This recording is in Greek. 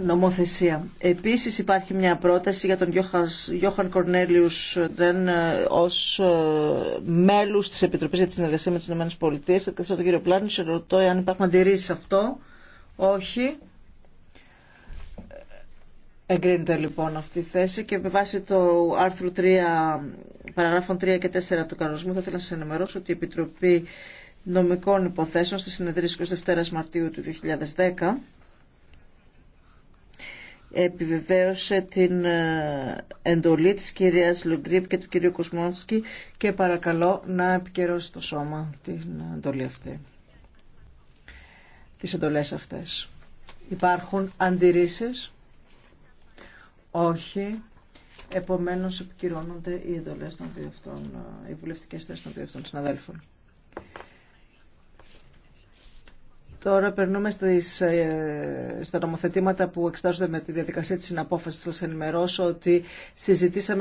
νομοθεσία. Επίσης υπάρχει μια πρόταση για τον Γιώχαν Κορνέλιους Ντεν ε, ως ε, μέλους της Επιτροπής για τη Συνεργασία με τις Ηνωμένες Πολιτείες. Εκθέσω τον κύριο Πλάνη, ρωτώ αν υπάρχουν αντιρρήσεις σε αυτό. Όχι. Εγκρίνεται λοιπόν αυτή η θέση και με βάση το άρθρο 3, παραγράφων 3 και 4 του κανονισμού θα ήθελα να σας ενημερώσω ότι η Επιτροπή Νομικών Υποθέσεων στη συνεδρίαση 22 Μαρτίου του 2010 επιβεβαίωσε την ε, εντολή της κυρίας Λουγκρίπ και του κυρίου Κοσμόφσκι και παρακαλώ να επικαιρώσει το σώμα την εντολή αυτή, τις εντολές αυτές. Υπάρχουν αντιρρήσεις. Όχι. Επομένως επικυρώνονται οι εντολές των ε, οι βουλευτικές θέσεις των δύο αυτών συναδέλφων. Τώρα περνούμε στις, ε, στα νομοθετήματα που εξετάζονται με τη διαδικασία της συναπόφασης. Θα σας ενημερώσω ότι συζητήσαμε